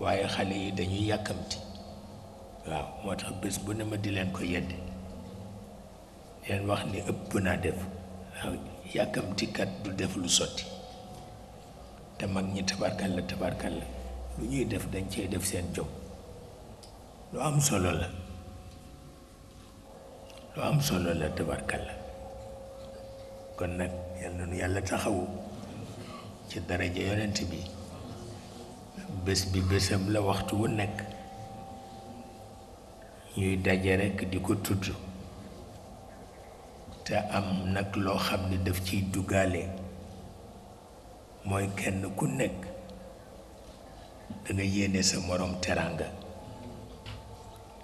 waaye xale yi dañuy yàkkamti waaw moo tax bés bu ne ma di leen ko yedde leen wax ni ëpp naa def waaw yàkkamtikat du def lu sotti te mag ñi tabarkal la tabarkal la lu ñuy def dañ cey def seen jom lu am solo la lu am solo la tabarkal la kon nag yal na yàlla taxawu ci daraja yonent bi bés bi bésam la waxtu wu nekk ñuy daje rekk di ko tudd te am nag loo xam ne daf ciy duggaale mooy kenn ku nekk danga yéene sa moroom teraanga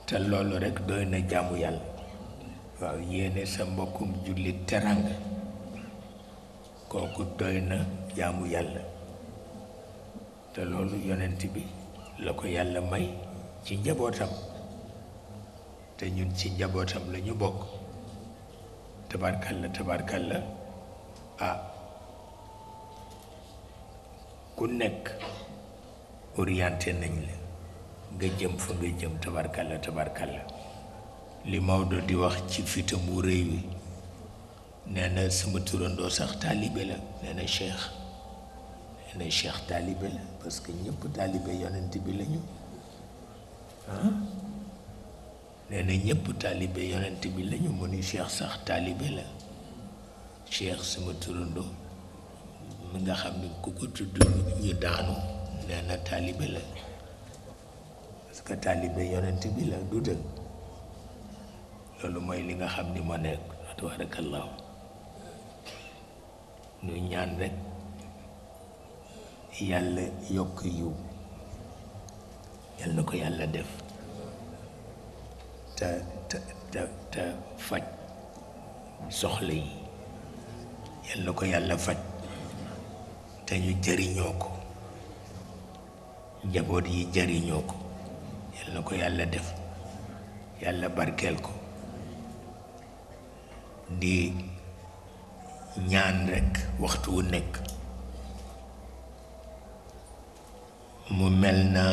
te loolu rekk doy na jaamu yàlla waaw yéene sa mbokkum jullit teraanga kooku doy na jaamu yàlla te loolu yonent bi la ko yàlla may ci njabootam te ñun ci njabootam la ñu bokk tabarkalla tabarkalla ah ku nekk orienté nañ la nga jëm fa nga jëm tabarkalla tabarkalla li Maodo di wax ci fitam wu rëy wi nee na sama turandoo sax taalibe la nee na cheikh ne cheikh taalibe la parce que ñëpp taalibe yonent bi lañu ah nee na ñëpp yonent bi lañu mu ni cheikh sax taalibe la cheikh sama turando mi nga xam ni ku ko tudd ñu daanu nee na la parce que taalibe yonent bi la du dëgg loolu mooy li nga xam ni ma nekk tabarakallahu ñu ñaan rek yàlla yokk yu yàlla na ko yàlla def te te te te faj soxla yi yàlla na ko yàlla faj te ñu jëriñoo ko njaboot yi jëriñoo ko yàlla na ko yàlla def yàlla barkeel ko di ñaan rek waxtu wu nekk mu mel na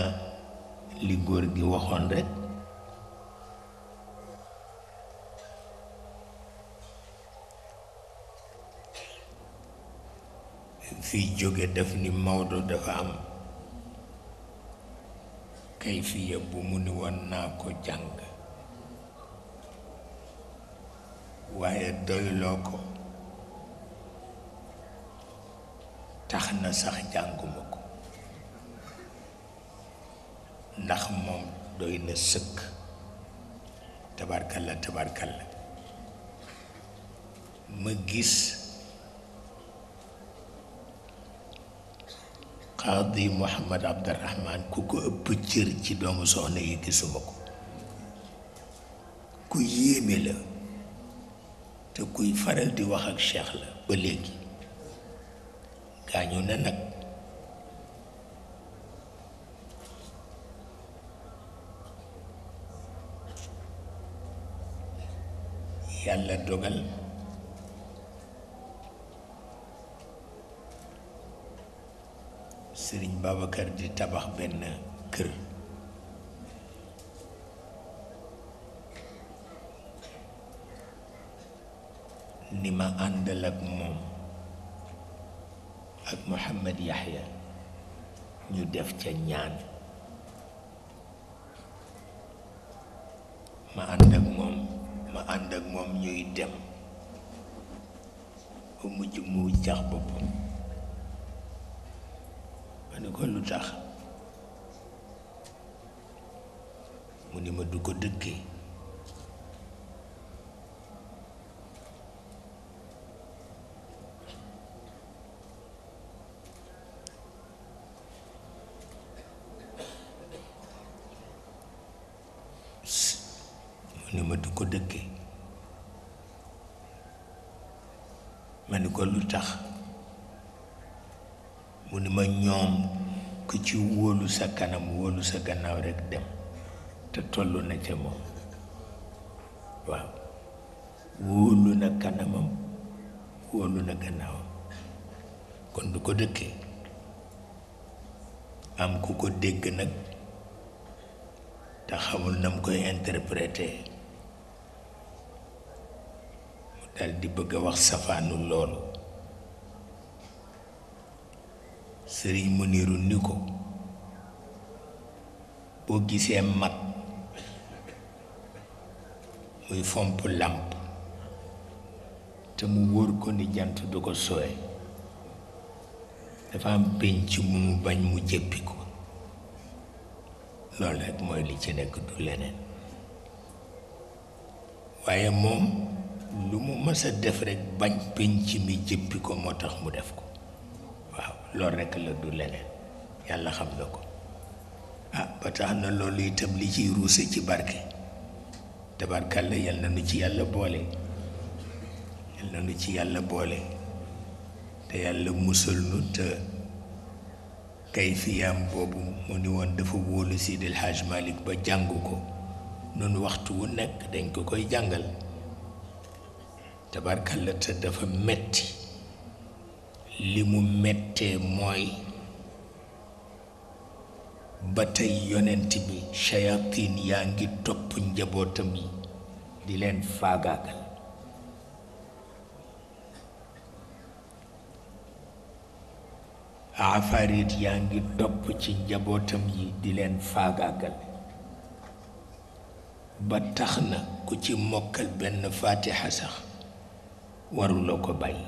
li góor gi waxoon rekk fiy jóge def ni Maodo dafa am kayfiya bu mu ni woon naa ko jàng waaye doyloo ko tax na sax jànguma ko ndax moom doy na sëkk tabarkalla la ma gis xaadi Mouhamad Abdarahman ku ko ëpp cër ci doomu soxna yi gisuma ko ku yéeme la te kuy faral di wax ak cheikh la ba léegi gaañu na nag yàlla dogal sëriñ Babacar di tabax benn kër ni ma àndal ak moom ak Mouhamed Yahya ñu def ca ñaan ma ànd ak moom ànd ak moom ñuy dem ba mujj mu jax boppam ma ne ko lu tax mu ni ma du ko dëkkee ci wóolu sa kanam wóolu sa gannaaw rekk dem te tollu na ca moom waaw wóolu na kanamam wóolu na gannaawam kon du ko dëkkee am ku ko dégg nag te xamul na mu koy interprété mu dal di bëgg a wax safaanu loolu sëriñ Muniru ni ko boo gisee mag muy fomp làmp te mu wóor ko ni jant du ko sooy dafa am pénc mu mu bañ mu jëppi ko loolu rek mooy li ci nekk du leneen waaye moom lu mu mës a def rek bañ pénc mi jëppi ko moo tax mu def ko waaw loolu rek la du leneen yàlla xam na ko ah ba tax na loolu itam li ciy ruuse ci barke tabarkalla yal na nu ci yàlla boole yal na nu ci yàlla boole te yàlla musal nu te kayfiyaam boobu mu ni woon dafa wóolu Seydi El Hadj ba jàng ko noonu waxtu wu nekk dañ ko koy jàngal tabarkalla te dafa metti li mu mettee mooy ba tey yonent bi shayatin yaa ngi topp njabootam yi di leen faagaagal afarit yaa ngi topp ci njabootam yi di leen faagaagal ba tax na ku ci mokkal benn faatiha sax warula ko bàyyi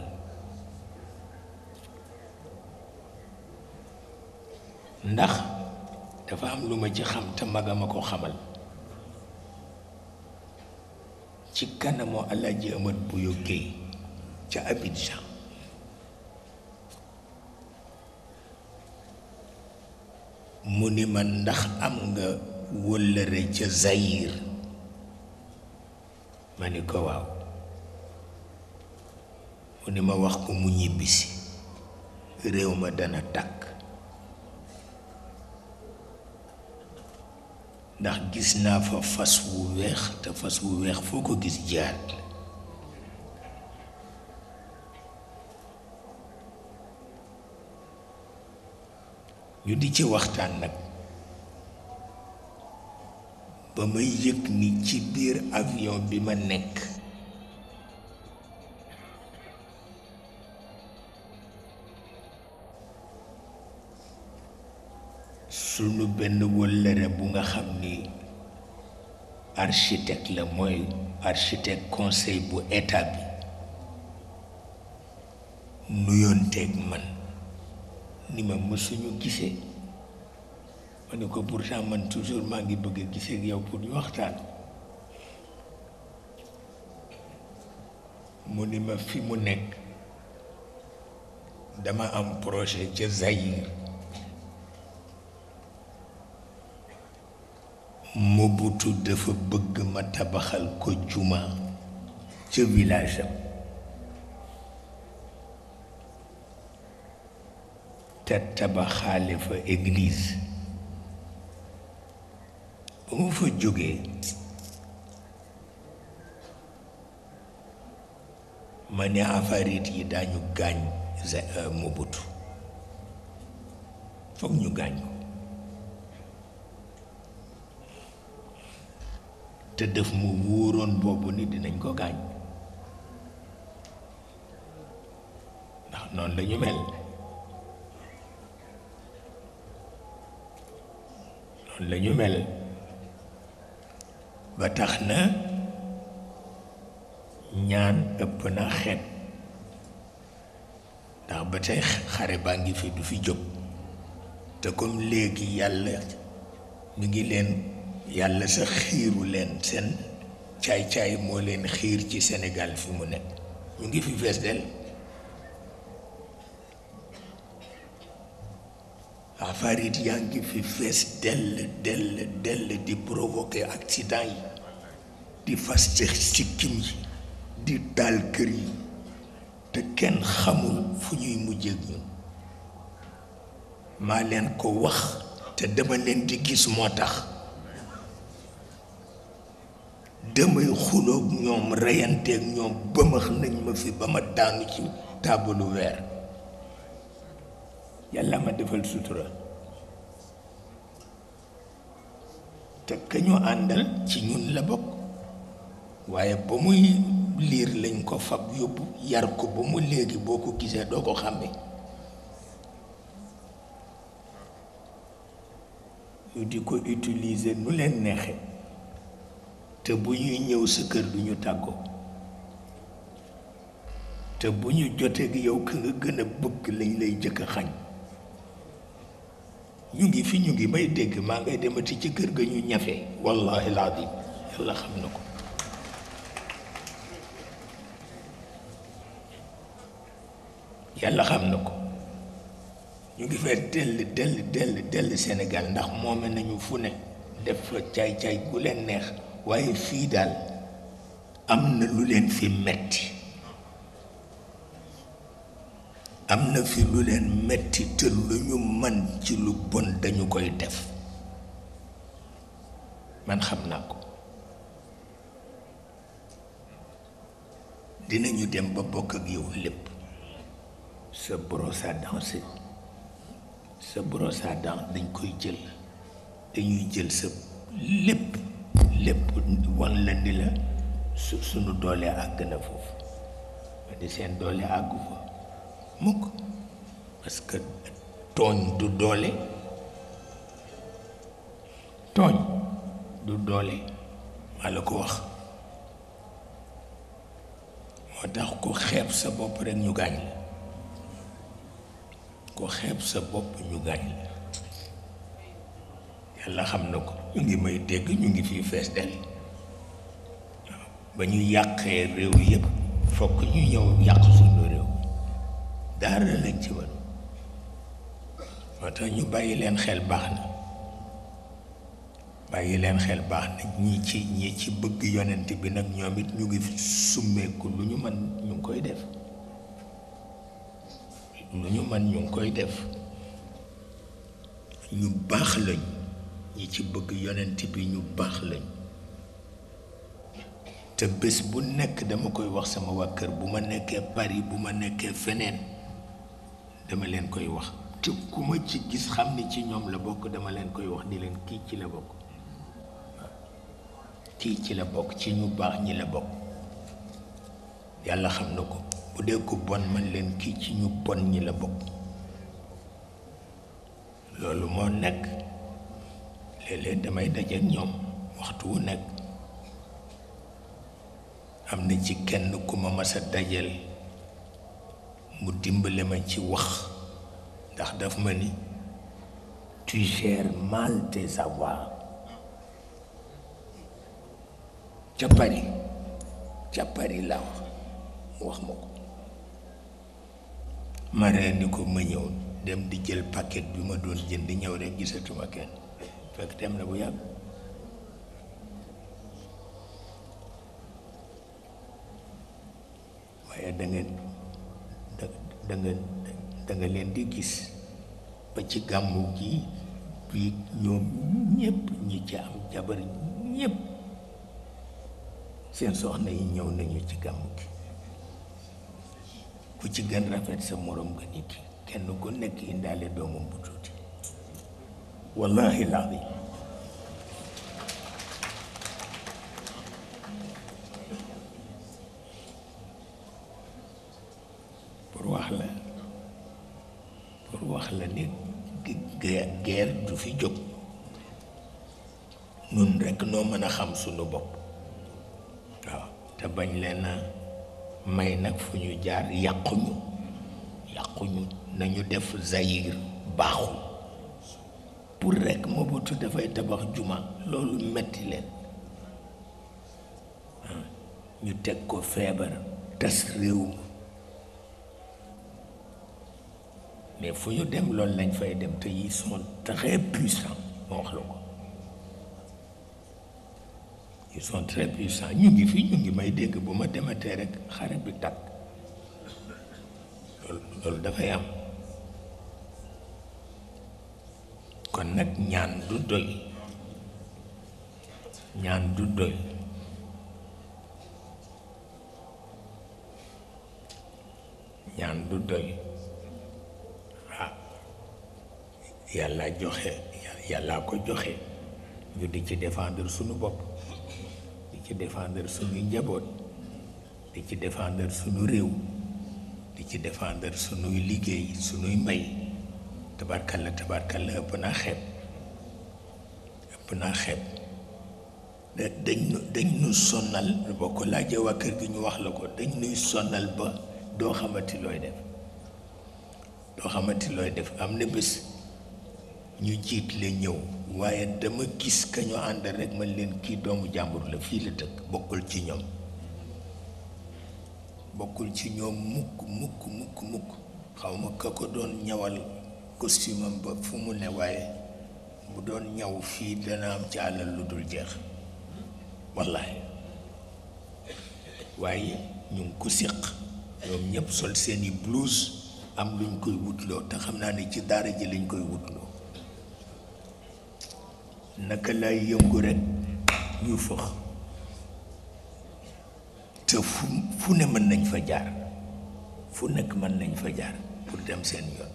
ndax dafa am lu ma ci xam te magama ko xamal ci kanamu Alaaji Amat bu Géey ca Abidjan mu ni ma ndax am nga wëllëre ca Zaïre ma ni ko waaw mu ni ma wax ko mu ñibbisi réew ma dana takk ndax gis naa fa fas wu weex te fas wu weex foo ko gis jihaat ñu di ci waxtaan nag ba may yëg ni ci biir avion bi ma nekk Nous benn wëllëre bu nga xam architecte la mooy architecte conseil bu état bi man ni ma mësuñu gisee ma man toujours ngi bëgg yow pour ñu waxtaan mu ni ma fi mu nekk projet Mobutu dafa bëgg ma tabaxal ko juma ca village am te tabaxaale fa église ba mu fa jógee ma ne afarit yi daañu gaañ euh, Mobutu foog ñu gaañ ko te def mu wuroon boobu ni dinañ ko gaañ ndax noon lañu mel noonu lañu mel ba tax na ñaan ëpp na xet ndax ba tey xare baa ngi fi du fi jóg te comme léegi yàlla mi ngi leen yàlla sa xiiru leen seen caay-caay moo leen xiir ci Sénégal fi mu nekk mu ngi fi fees del affaire yaa ngi fi fees dell dell dell di provoquer accident yi di fas ci sikkim yi di taal kër yi te kenn xamul fu ñuy mujjee ak maa leen ko wax te demal leen di gis moo tax damay xuloo ñoom reyanteeg ñoom bëmax nañ ma fi ba ma daanu ci taabalu weer yàlla ma defal sutura te ka ñu àndal ci ñun la bokk waaye ba muy liir lañ ko fab yóbbu yar ko ba mu léegi boo ko gisee doo ko xàmme ñu di ko utiliser nu leen neexee te bu ñuy ñëw sa kër du ñu tàggoo te bu ñu jotee ak yow ka nga gën a bëgg lañ lay jëkk a xañ ñu ngi fi ñu ngi may dégg maa ngay demati ci kër ga ñu ñafe wallahi laadim yàlla xam na ko yàlla xam na ko ñu ngi fee dell dell dell dell Sénégal ndax moome nañu fu nekk def fa caay caay gu leen neex waaye fii daal am na lu leen fi metti am na fi lu leen metti te lu ñu man ci lu bon dañu koy def man xam naa ko dinañu dem ba bokk ak yow lépp sa brosse à dents sa brosse à dents dañ koy jël dañuy jël sa lépp lépp wan la ni la su sunu doole àgg na foofu ma di seen doole àggu fa mukk parce que tooñ du doole tooñ du doole maa la ko wax moo tax ko xeeb sa bopp rekk ñu gaañ la ku xeeb sa bopp ñu gaañ la la xam na ko ñu ngi may dégg ñu ngi fii fees del waaw ba ñu yàqee réew yépp fokk ñu ñëw yàq suñu réew daara lañ ci wan moo tax ñu bàyyi leen xel baax na bàyyi leen xel baax na ñi ci ñi ci bëgg yonent bi nag ñoom it ñu ngi summeeku lu ñu mën ñu ngi koy def lu ñu mën ñu ngi koy def ñu baax lañ ñi ci bëgg yonent bi ñu baax lañ te bés bu nekk dama koy wax sama waa kër bu ma nekkee Paris bu ma nekkee feneen dama leen koy wax te ci gis xam ni ci ñoom la bokk dama leen koy wax di leen kii ci la bokk kii ci la bokk ci ñu baax ñi la bokk yàlla xam na ko bu dee ko bon man leen kii ci ñu bon ñi la bokk loolu moo nekk léeg-léeg damay dajeek ñoom waxtu wu nekk am na ci kenn ku ma mës a mu dimbale ma ci wax ndax daf ma ni tu gères mal tes avoirs ca wax mu wax ma ko ma ree ni ko ma ñëw dem di jël paquet bi ma doon jënd ñëw rek gisatuma kenn fekk dem na bu yàgg waaye da ngeen da leen di gis ba ci gàmmu gi bi ñoom ñépp ñi ci am jabar ñépp seen soxna yi ñëw nañu ci gàmmu gi ku ci gën rafet sa morom nga nit kenn ku nekk indaale doomam bu tuuti والله العظيم بروح لا بروح لا غير دو في جوك نون رك نو مانا خام سونو بوب آه، تا باغ لينا ماي نك فونو جار يقوني يقوني نانيو ديف زاير باخو pour rekk Mobutu dafay tabax juma lolou metti len ah, ñu teg ko feebar tas rew mi mais fu ñu dem lolou lañ fay dem te yi sont très puissants ma wax la ko ils sont très puissants ñu ngi fi ñu ngi may dégg buma ma dematee rekk xare bi tak lolou loolu dafay am kon nag ñaan du doy ñaan du doy ah, yàlla joxe yàlla ko joxe ñu di ci défendre sunu bopp di ci défendre suñu njaboot di ci défendre sunu réew di ci défendre suñuy liggéey sunuy mbay tabarkalla tabarkalla ëpp naa xeeb ëpp naa xeeb dañ nu sonnal boo ko laajee waa kër gi ñu wax la ko dañ nuy sonnal ba doo xamati looy def doo xamati looy def am na bés ñu jiit la ñëw waaye dama gis ka ñu ànd rek man leen kii doomu jàmbur la fii la dëkk bokkul ci ñoom bokkul ci ñoom mukk mukk mukk mukk xaw ka ko doon ñawal costume am ba fu mu ne waaye bu doon ñaw fii dana am ci àllal lu dul jeex wallaay waaye ñu ngi ko séq ñoom ñëpp sol seeni blouse am luñ koy wutloo te xam naa ni ci daara ji lañ koy wutloo naka lay yëngu rek ñu fëx te fu fu ne mën nañ fa jaar fu nekk mën nañ fa jaar pour dem seen yoon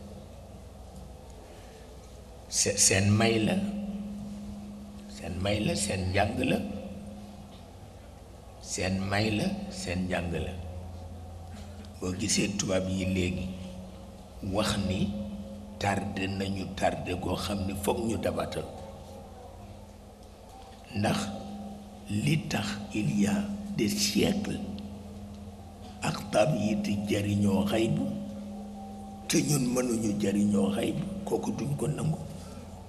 seen may la seen may la seen njàng la seen may la seen njàng la boo gisee tubaab yi léegi wax ni tàrde nañu tardé goo xam ni foog ñu dabatal ndax li tax il y a ak tab yi di jariñoo xaybu te ñun mënuñu jariñoo xaybu kooku duñ ko nangu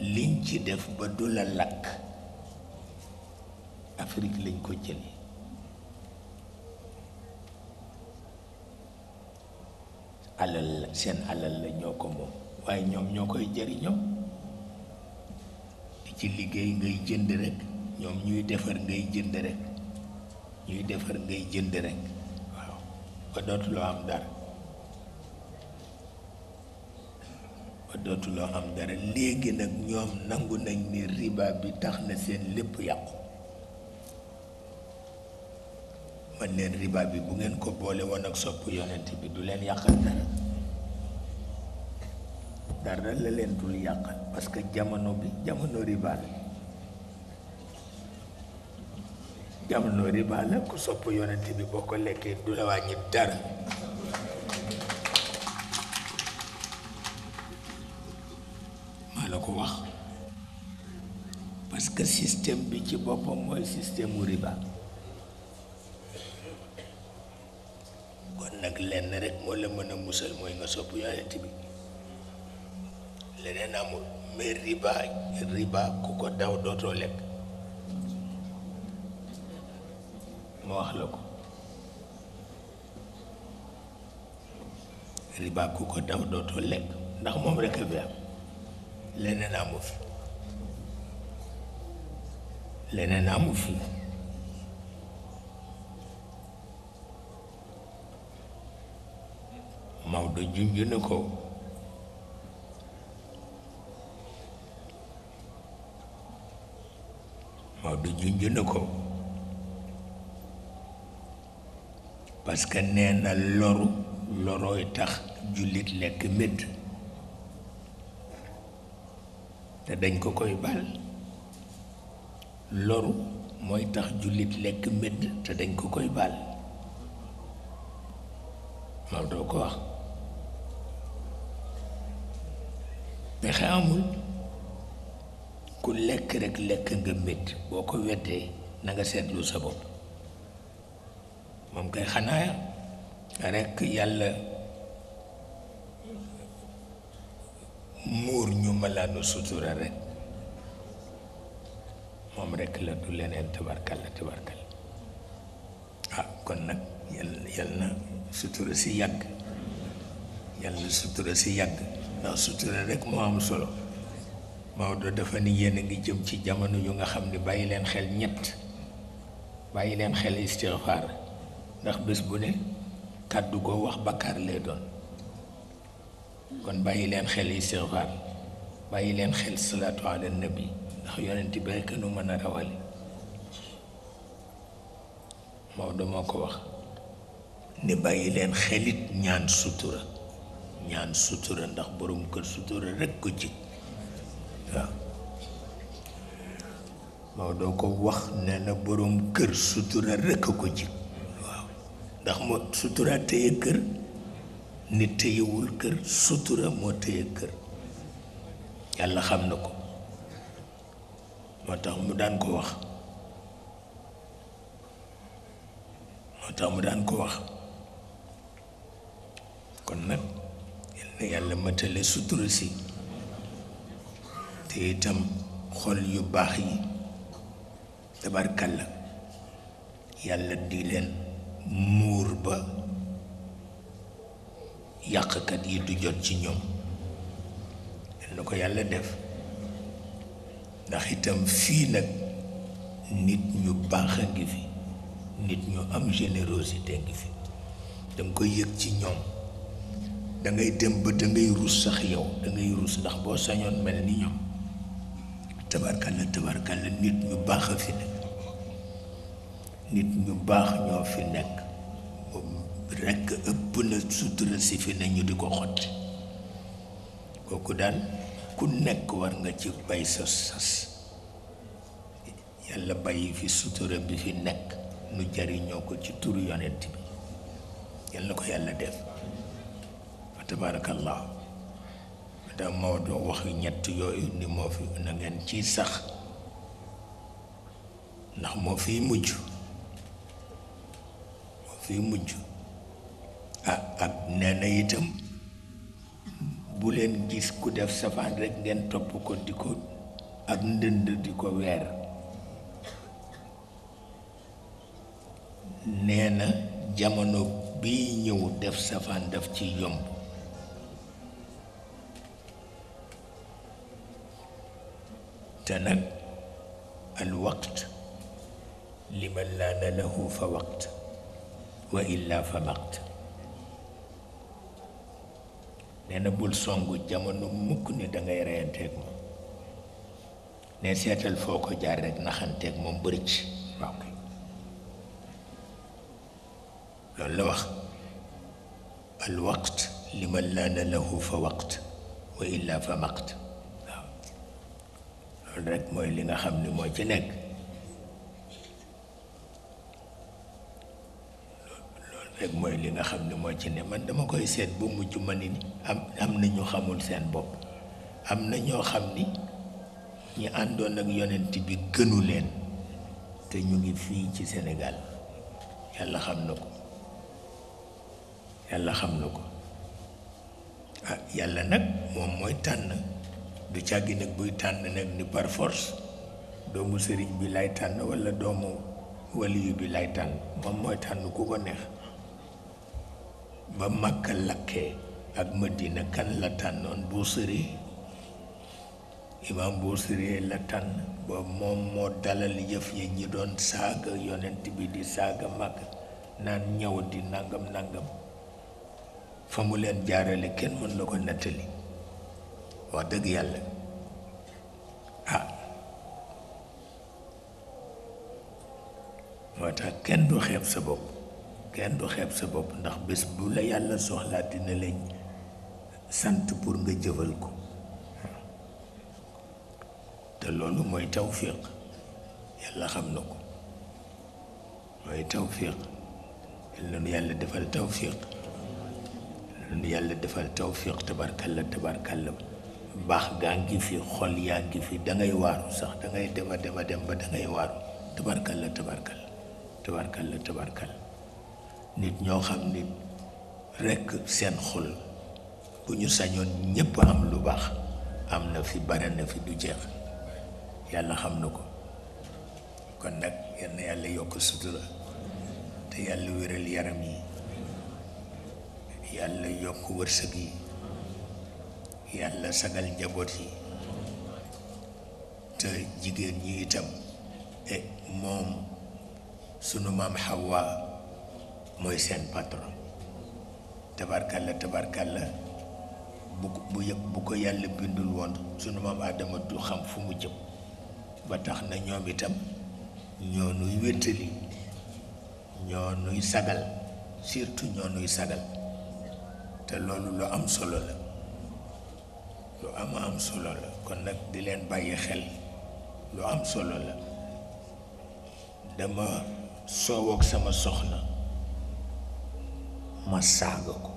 liñ ci def ba du la lakk Afrique lañ ko jële alal la seen alal la ñoo ko moom waaye ñoom ñoo koy jariñoo ci liggéey ngay jënd rek ñoom ñuy defar ngay jënd rek ñuy defar ngay jënd rek waaw ba dootuloo am dara ba dootuloo xam dara léegi nag ñoom nangu nañ ni riba bi tax na seen lépp yàqu man leen riba bi bu ngeen ko boole woon ak sopp yonent bi du leen yàqal dara dara la leen dul yàqal parce que jamono bi jamono riba la jamono riba la yonent bi boo ko lekkee du la wàññi dara parce système bi ci boppam mooy système mu kon nag lenn rek moo la mën a musal mooy nga sopp yonent bi leneen amul mais riba riba ku ko daw dootoo lekk ma wax la ko riba ku moom rek a fi leneen amul leneen amu fi Maodo junj na ko Maodo junj na ko parce que nee na loru lorooy tax jullit lekk médd te dañ ko koy bal loru mooy tax jullit lekk médd te dañ ko koy baal moom doo ko wax pexe amul ku lekk rek lekk nga médd boo ko weddee nanga seetlu sa bopp moom kay xanaa rek yàlla muur ñu malaanu sutura rek moom rekk la du leneen tabarkal la tabarkal ah kon nag yal na sutura si yàgg yal na sutura si yàgg ndax sutura rekk moo am solo Maodo dafa ni yéen a ngi jëm ci jamono yu nga xam ne bàyyi leen xel ñett bàyyi leen xel ndax bés bu ne kàddu goo wax bakkaar lay doon kon bàyyi leen xel istixfaar bàyyi leen xel salaatu ala nabi yow yonent bi rekk nu mën a rawale Maodo moo ko wax ne bàyyi leen xelit ñaan sutura ñaan sutura ndax borom kër sutura rekk ko jig waaw Maodo ko wax nee na borom kër sutura rekk ko jig waaw ndax moo sutura téye kër nit téyewul kër sutura moo téye kër yàlla xam na ko moo tax mu daan ko wax moo tax mu daan ko wax kon nag yal na yàlla matale sutura si te itam xol yu baax yi la yàlla di leen muur ba yàqkat yi du jot ci ñoom yal ko yàlla def ndax itam fii nag nit ñu baax a ngi fi nit ñu am générosité ngi fi danga koy yëg ci ñoom dangay ngay dem ba da ngay rus sax yow da ngay rus ndax boo sañoon mel ni ñoom tabarkalla tabarkalla nit ñu baax a fi nekk nit ñu baax ñoo fi nekk moom rekk ëpp na sutura si fi ne ñu di ko xotti kooku daal ku nekk war nga ci bay sa sas yàlla bàyyi fi suturam bi fi nekk nu jariñoo ko ci turu yonent bi yàlla ko yàlla def fa tabarakallah madam Maodo wax ñett yooyu ni moo fi na ciy sax ndax moo fiy mujj moo fiy mujj ah ak nee na itam bu leen gis ku def safan rek ngeen top ko diko ak ndënd diko wër neena jamono bi ñëw def safan daf ci yomb te nag al waqt liman laana lahu fa waqt wa illa fa maqta nee na bul songu jamono mukk ne dangay reyanteeg moom ne seetal foo ko jaar rek naxanteeg moom bëri ci waaw loolu la wax al waqt li man laana lahu fa waqt wa illa fa maqt waaw loolu rek mooy li nga xam ni moo ci nekk rek mooy li nga xam ne moo ci ne man dama koy seet ba mujj ma ni am am na ñu xamul seen bopp am na ñoo xam ni ñi àndoon ak yonent bi gënu leen te ñu ngi fii ci Sénégal yàlla xam na ko yàlla xam na ko ah yàlla nag moom mooy tànn du càggi nag buy tànn nag ni par doomu sëriñ bi lay tànn walla doomu waliyu bi lay tànn moom mooy tànn ku ko neex ba Makka lakkee ak Madina kan la tànnoon Buusiri imaam Buusiri la tànn ba moom moo dalal yëf yi ñi doon saaga yonent bi di saaga Makka naan ñëw di nangam nangam fa mu leen jaarale kenn mën na ko nettali wax dëgg yàlla ah moo tax kenn du xeeb sa bopp kenn du xeeb sa bopp ndax bés bu la yàlla soxlaa dina lañ sant pour nga jëfal ko te loolu mooy tawfiq yàlla xam na ko mooy tawfiq yàlla nu yàlla defal tawfiq yàlla nu yàlla defal tawfiq tabarkalla tabarkalla baax gaa ngi fi xol yaa ngi fi da ngay waaru sax da ngay dema dema dem ba da ngay waaru tabarkalla tabarkalla tabarkalla tabarkalla nit ñoo xam ni rekk seen xul bu ñu sañoon ñépp am lu baax am na fi bare na fi du jeex yàlla xam na ko kon nag yal yàlla yokk sutura te yàlla wéral yaram yi yàlla yokk wërsëg yi yàlla sagal njaboot yi te jigéen ñi itam eh, moom sunu maam Hawa mooy seen patron tabarkalla la bu bu yëpp bu ko yàlla bindul woon sunu maam Aadama du xam fu mu jëm ba tax na ñoom itam ñoo nuy wéttali ñoo nuy sagal surtout ñoo nuy sagal te loolu lu am solo la lu ama am solo la kon nag di leen bàyyi xel lu am solo la dama soowoog sama soxla ma saaga ko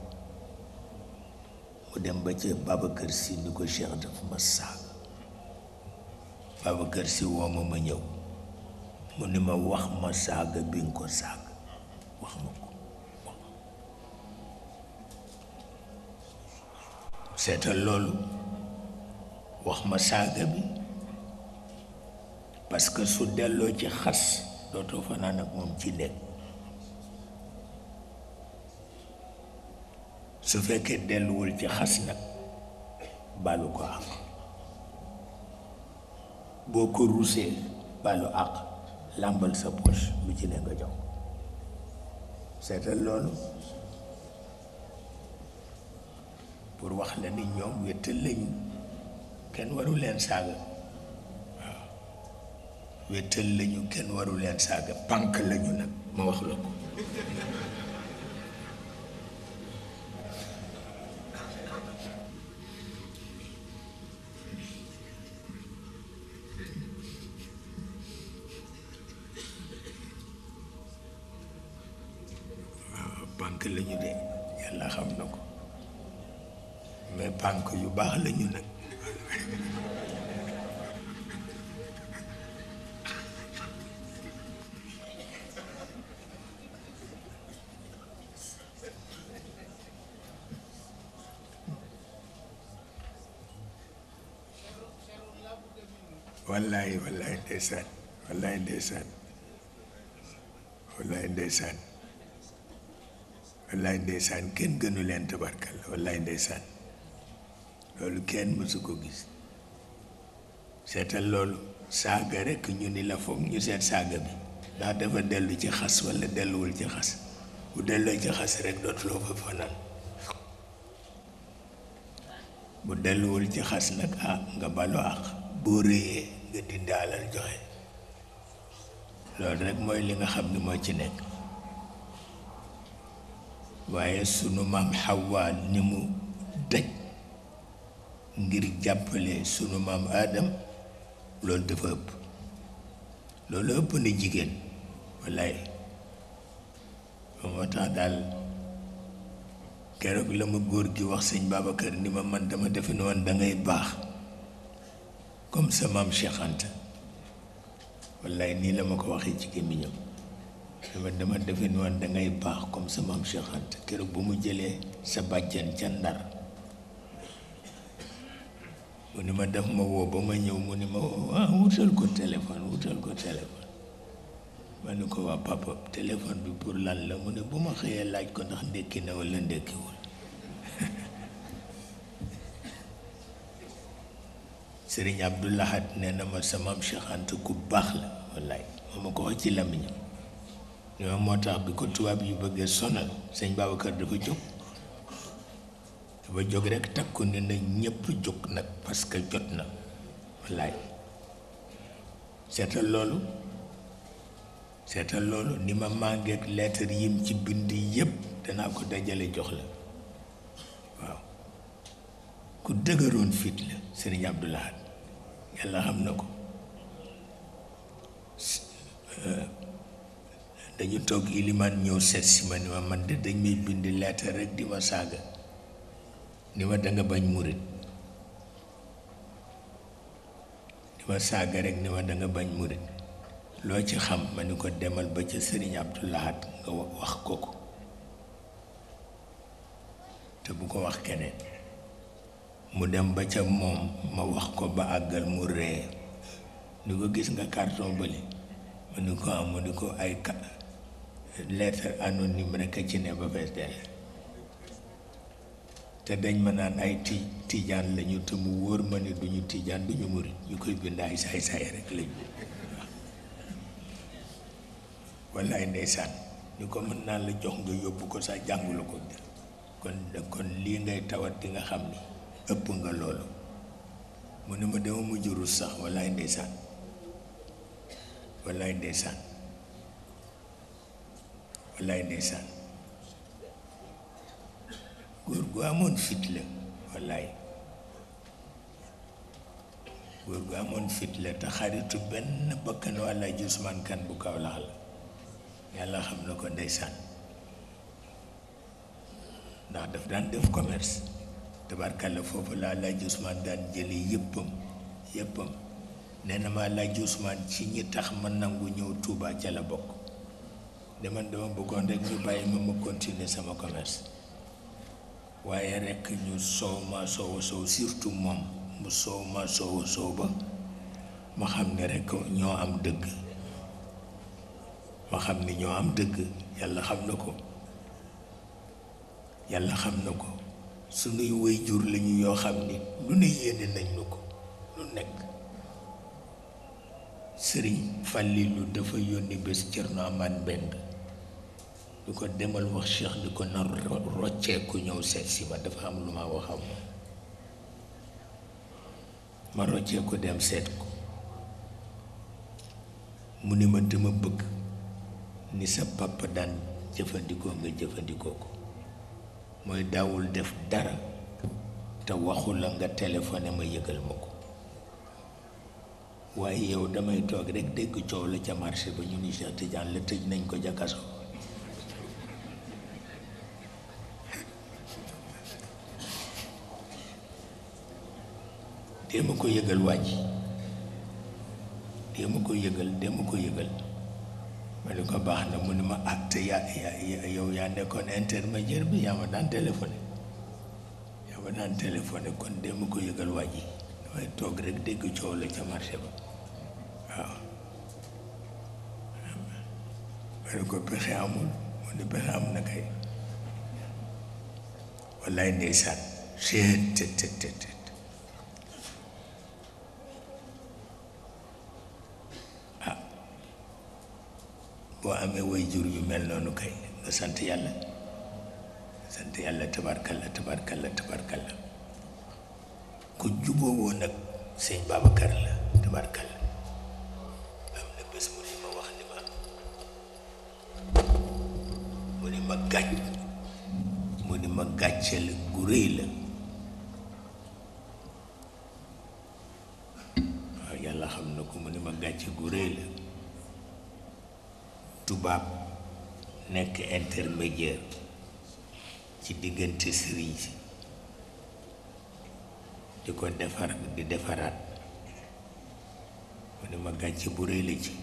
mu dem ba ci Babacar Sy ni ko Cheikh daf ma saaga Babacar Sy woo ma ma ñëw mu ni ma wax ma saaga bi nga ko saaga wax ma ko seetal loolu wax ma saaga bi parce que su delloo ci xas dootoo fanaan ak moom ci nekk su fekkee delluwul ci xas nag balu ko àq boo ko ruusee balu àq làmbal sa poche lu ci ne nga jox seetal loolu pour wax la ni ñoom wéttal lañu kenn waru leen saaga waaw wéttal lañu kenn waru leen saaga pànk lañu nag ma wax la ko wallaay wallaay ndeysaan wallaay ndeysaan wallaay ndeysaan wallaay ndeysaan kenn gënu leen tabarkal wallaay ndeysaan loolu kenn mësu ko gis seetal loolu saaga rekk ñu ni la foog ñu seet saaga bi ndax dafa dellu ci xas walla delluwul ci xas bu delloo ci xas rekk dootuloo fa fanaan bu delluwul ci xas nag ah nga baloo àq boo réyee nga dindi alal joxe loolu rek mooy li nga xam ni moo ci nekk waaye sunu maam xawwaan ni mu daj ngir jàppale sunu maam aadam loolu dafa ëpp loolu ëpp na jigéen wallaay moo tax daal keroog la ma góor gi wax sëñ Babacar ni ma man dama defe ne woon baax. comme sa maam Cheikh wallaay nii la ma ko waxee ci gémmiñam dama dama defe ni woon dangay baax comme sa maam Cheikh Anta keroog bu mu jëlee sa bàjjan ca ndar mu ni ma def ma woo ba ma ñëw mu ni ma waaw ah, wutal ko téléphone wutal ko téléphone ma ni ko waa papa téléphone bi pour lan la mu ne bu ma xëyee laaj ko ndax ndékki na wala ndékkiwul sëriñ Abdou Lahad nee na ma sama Cheikh ku baax la wallaay moo ma ko wax ci làmmiñam ñoo moo tax bi ko tubaab yu bëggee sonal sëñ Babacar dafa jóg dafa jóg rek takku ne na ñépp jóg nag parce jot na wallaay seetal loolu seetal loolu ni ma màngeek leetar yim ci bind yépp danaa ko dajale jox la ku dëgëroon fit la sëriñ Abdou yàlla xam na ko euh, dañu toog ilimaan ñëw seet si ma ni ma man de dañ may bind lettre rek di ma saaga ni ma danga bañ murit saaga rek ni ma danga bañ murit loo ci xam ma ni ko demal ba ca sëriñ Abdou nga wax ko ko te bu ko wax keneen mu dem ba ca moom ma wax ko ba àggal mu ree ni ko gis nga carton bële mu ni ko am ah, mu ni ko ay ka lettre anonyme rek a ci ne ba fees te dañ ma naan ay ti tijaan lañu te mu wóor ma ne duñu tijaan duñu murit ñu koy bind ay saay saay rek lañu wallaay ndeysaan ñu ko mën naa la jox nga yóbbu ko sax jàngulu ko kon kon lii ngay tawat di xam ni ëpp nga loolu mu ne ma dama mujj rus sax wallaay ndeysaan wallaay ndeysaan góor gu amoon fitle la wallaay góor gu amoon fit te xaritu benn bakkanu wallaay ji Ousmane bu kaw lax la yàlla xam na ko ndeysaan ndax daf daan def commerce tabarkàlla foofu laa laaj Ousmane daan jële yëppam yëppam nee na maa laaj Ousmane ci ñi tax ma nangu ñëw tuubaa ca la bokk deman man dama bëggoon rek ñu bàyyi ma ma continuer sama commerce waaye rekk ñu soow ma soow soow surtout moom mu soow ma soow soow ba ma xam ne rek ñoo am dëgg ma xam ne ñoo am dëgg yàlla xam na ko yàlla xam na ko sunuy jur lañu yoo xam ni lu ne yéene nañ nu ko lu nekk sëriñ Fàllilu dafa yónni bés Cerno Amaan Mbeng lu ko demal wax Cheikh ko na rocceeku ñëw seet si ma dafa am lu ma waxam ma rocceeku dem seet ko mu ne ma dama bëgg ni sa papa daan jëfandikoo nga jëfandikoo ko mooy daawul def dara te waxu la nga téléphoné ma yëgal ma ko waaye yow damay toog rek dégg coow la ca marché ba ñu ni Cheikh Tidiane la tëj nañ ko jakaso dee ma ko yëgal wàcc dee ma ko yëgal dee ma ko yëgal ma ni ko baax na mu ni ma acte ah, ya ya yow yaa nekkoon intermédiaire bi yaa ma daan téléphoné yaa ma daan téléphoné kon dem ko yëgal waa ji damay toog rek dégg coow la ca marché ba waaw ma ni ko pexe amul mu ni pexe am na kay wallaay ndeysaan seet tet tet boo amee way jur yu mel noonu kay sant yàlla sant yàlla tabarkalla tabarkalla tabarkalla ku juboo woon nag sëñ Babacar la tabarkalla am na bés mu ne ma wax ni ma mu ne ma gàcc mu ne ma gàcce la gu rëy la waaw yàlla xam na ko mu ne ma gàcce gu rëy la tubaab nekk intermédiaire ci diggante sëriñ si di ko defar di defaraat mu ne ma gàcce bu rëy ci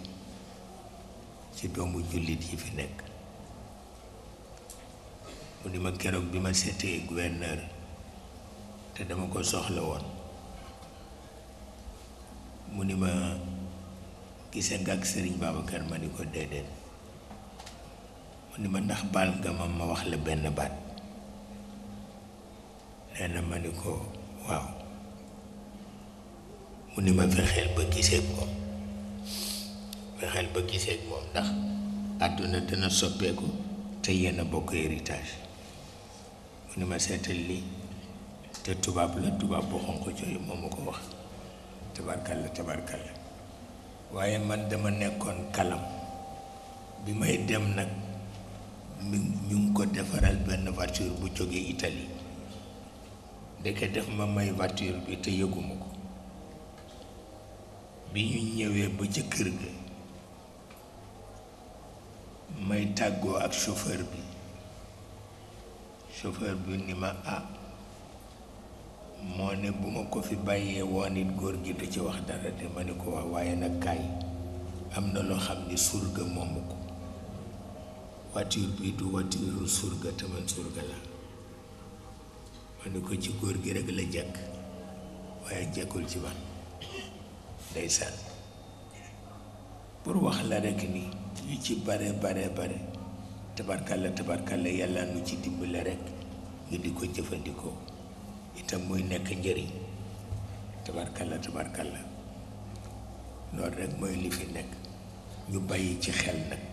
ci doomu jullit yi fi nekk mu ne ma keroog bi ma seetee gouverneur te dama ko soxla woon mu ni ma gise nga ak sëriñ Babacar ma ni ko déedéet mu ni ma ndax baal nga ma ma wax la benn baat nee na ma ni ko waaw mu ni ma fexeel ba gisee moom fexeel ba moom ndax àdduna dina soppeeku te yenn a bokk héritage mu ni ma seetal li te tubaab la tubaab bu xonq jooyu moom ma ko wax tabarkalla tabarkalla waaye man dama nekkoon kalam bi may dem nag mi ñu ngi ko defaral benn voiture bu jógee Italie ndeke def ma may voiture bi te yëguma ko bi ñu ñëwee ba ca kër ga may tàggoo ak chauffeur bi chauffeur bi ni ma ah moo ne bu ma ko fi bàyyee woon it góor gi du ci wax dara te ma ne ko wax waaye nag kaay am na loo xam ni surga moomu ko voiture bi du voiture surga te man surga la ma ni ko ci góor gi rek la jekk waaye jekkul ci man ndeysaan pour wax la rek ni yu ci bare bare bare tabarkalla tabarkalla yàlla nu ci dimbale rek ngi di ko jëfandikoo itam muy nekk njëriñ tabarkalla tabarkalla loolu rek mooy li fi nekk ñu bàyyi ci xel nag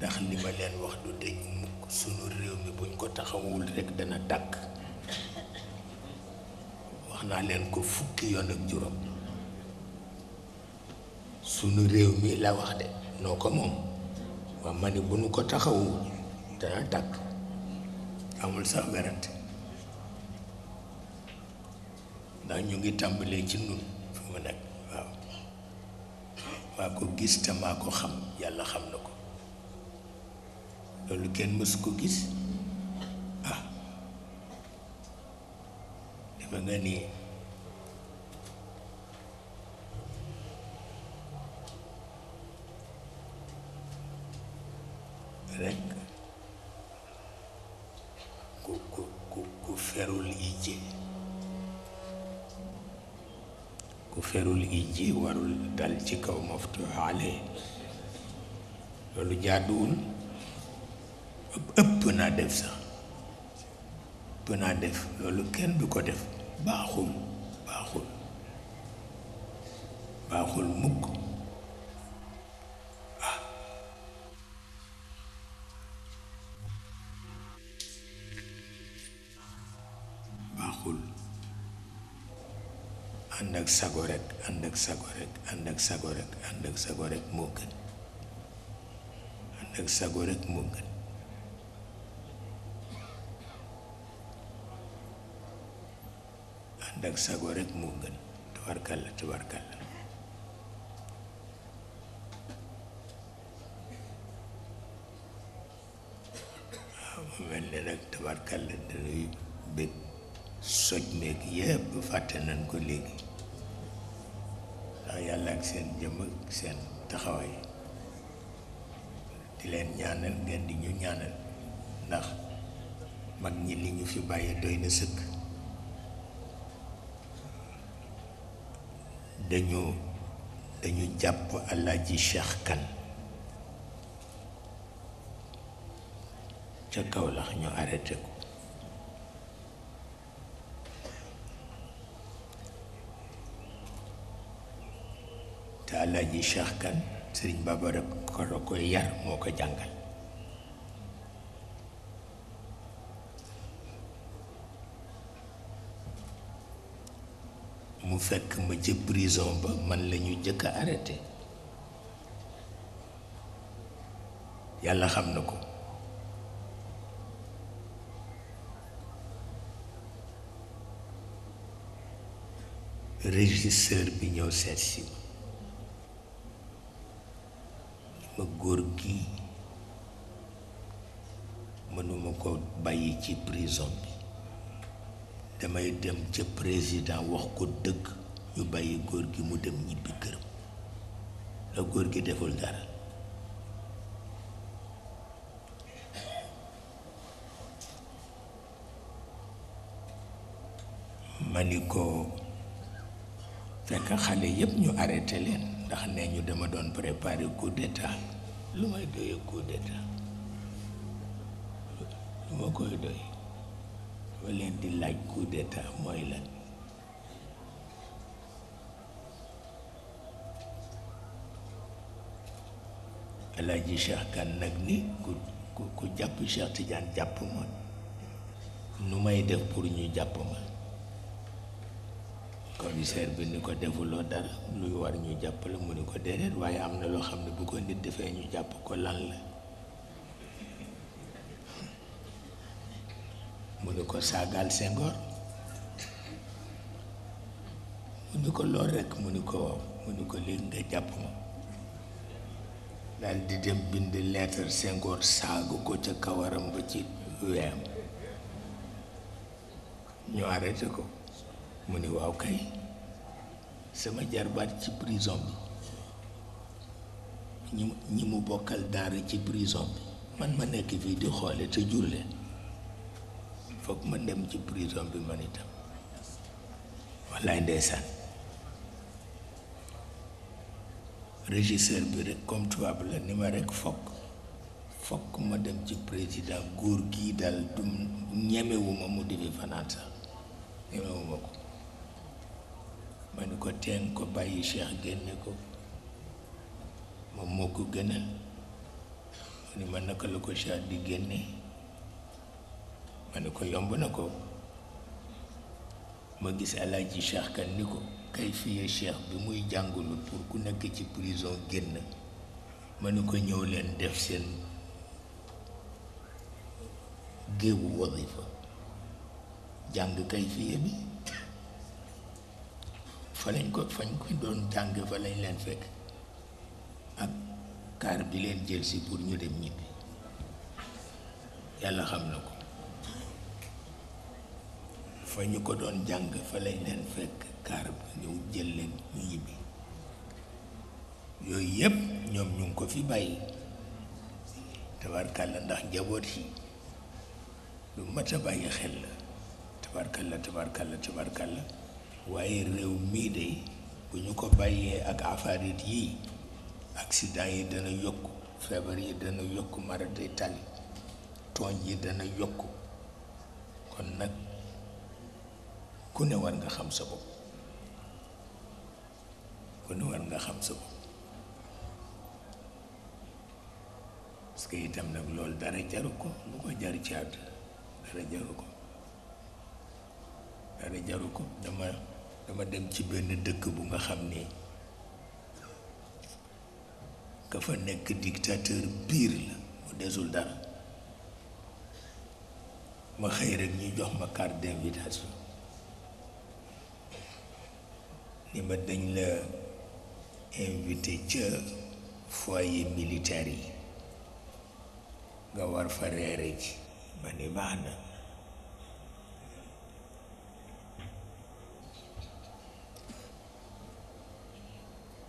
ndax li ma wax du dëj mukk sunu réew mi buñ ko taxawul rekk dana tàkk wax naa leen ko fukki yoon ak juróom sunu réew mi la wax de noo ko moom waa ma ni bu nu ko taxawul dana tàkk amul sax werante ndax ñu ngi tàmbalee ci nun fu mu nekk waaw maa ko gis te ko xam yàlla xam na ko loolu kenn mës ko gis ah dama nga ni rekk ku ku ku ku ferul ijje ku ferul ijje warul dal ci kaw maftu ale loolu jàdduwul naa def def loolu kenn du ko def baaxul baaxul baaxul mukk ah baaxul ànd ak sago ànd ak sago rek ànd ak sago rek ànd ak sago rek moo gën ànd ak sago rek moo gën dag sa go rek mo ഡെക്സഗോറിക് മൂക്കൻ വർക്കല്ല ചുവർക്കല്ല wanda rek tabarkalla de ni be soj meeg yeb faté nan ko léegi ay yalla ak sen jëm ak sen taxaway di len ñaanal ngeen nah, di ñu ñaanal ndax mag ñi li ñu fi baye doyna na sëkk dañu dañu jàpp alaaji Cheikh Kan ca kawlax ñu arrêté ko te alaaji Cheikh Kan sëriñ Babara ko koy yar moo ko jàngal mu fekk ma ci prison ba man lañu jëkk a yàlla xam na ko régisseur bi ñëw seetsi si ma góor gi mënuma ko bàyyi ci prison bi damay dem ca président wax ko dëkk ñu bàyyi góor gi mu dem ñibbi këram la góor gi deful dara ma ni ko fekk xale yépp ñu arrêté leen ndax nee ñu dama doon préparer coup lu may doyee coup lu ma koy doy ma leen di laaj coup d'état mooy lan Alaaji Cheikh Kan nag ni ku ku jàpp Cheikh Tidiane jàpp ma nu may def pour ñuy jàpp ma commissaire bi ni ko defuloo dara luy war ñu jàpp la mu ni ko déedéet waaye am na loo xam ne bu ko nit defee ñu jàpp ko lan la mu ne ko saagaal Senghor mu ne ko lool rekk mu ni ko waaw mu ne ko léegi nga jàpp ma daal di dem bind lettre Senghor saagu ko ca kawaram ba ci weyam ñu arrêté ko mu ne waaw kay sama jarbaat ci prison bi ñi ñi mu bokkal daara ci prison bi man ma nekk fii di xoole te jurle foog ma dem ci prison bi man itam wallaay ndeysaan régisseur bi rek comme ni ma rek fokk fokk ma dem ci président góor gi daal du ñemewuma mu defi fanaan sax ñemewuma ko ma ni ko teen ko bàyyi Cheikh génne ko moom moo ko gënal ni ma naka la ko Cheikh di génne ma ne ko yomb na ko ma gis alaaji cheikh kan ni ko kay fiye cheikh bi muy jàngulu pour ku nekk ci prison génn ma ni ko ñëw leen def seen géewu wadifa jàng kay fiye bi fa lañ ko fañ ko doon jàng fa lañ leen fekk ak kaar bi leen jël si pour ñu dem ñibbi yàlla xam na ko fa ñu ko doon jàng fa lañ leen fekk kaar ba ñëw jël leen ñu ñibbi yooyu yépp ñoom ñu ngi ko fi bàyyi tabarkalla ndax jaboot yi lu mat a bàyyi xel la tabarkalla tabarkalla tabarkalla waaye réew mii de bu ñu ko bàyyee ak afaarit yi accident yi dana yokk feebar yi dana yokk mara tali tooñ yi dana yokk kon nag ku ne war nga xam sa bopp ku ne war nga xam sa bopp parce que itam nag loolu dara jaru ko lu ko jar caat dara ko dara jaru ko dama dama dem ci benn dëkk bu nga xam ni ka fa nekk dictateur biir la mu desul dara ma xëy rek ñu jox ma carte d'invitation ni ma dañ la invité ca foyer militaire yi nga war fa reere ji ma ni baax na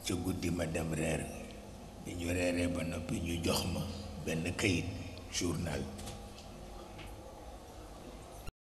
ca guddi ma dem reer bi ñu reeree ba noppi ñu jox ma benn kayit journal